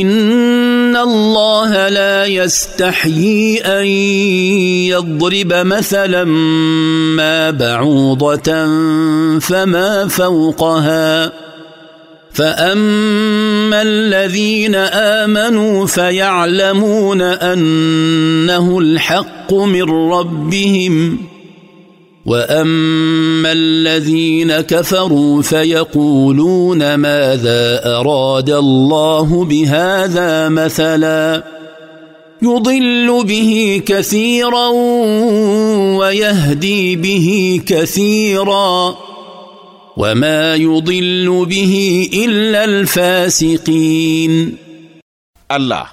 ان الله لا يستحيي ان يضرب مثلا ما بعوضه فما فوقها فاما الذين امنوا فيعلمون انه الحق من ربهم واما الذين كفروا فيقولون ماذا اراد الله بهذا مثلا يضل به كثيرا ويهدي به كثيرا وما يضل به الا الفاسقين الله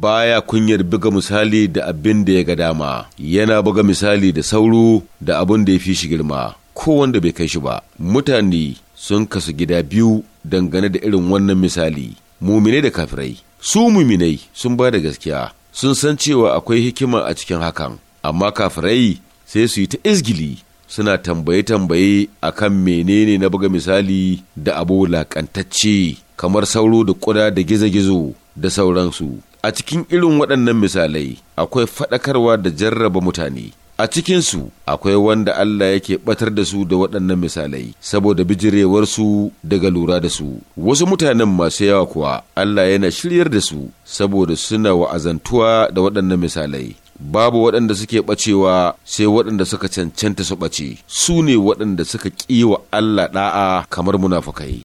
baya kunyar buga misali da abin da ya ga dama yana buga misali da sauro da abin da ya fi shi girma ko wanda bai kai shi ba mutane sun kasu gida biyu dangane da irin wannan misali muminai da kafirai su muminai sun ba da gaskiya sun san cewa akwai hikima a cikin hakan amma kafirai sai su yi ta izgili suna tambaye-tambaye akan menene na buga misali da abu lakantacce kamar sauro da ƙuda da gizo-gizo da sauransu a cikin irin waɗannan misalai akwai faɗakarwa da jarraba mutane a cikinsu akwai wanda Allah yake ɓatar da su da waɗannan misalai saboda bijirewarsu daga lura da su wasu mutanen masu yawa kuwa Allah yana shiryar da su saboda suna wa'azantuwa da waɗannan misalai babu waɗanda suke ɓacewa sai waɗanda suka cancanta su ɓace su ne waɗanda suka ƙi wa Allah ɗa'a kamar munafukai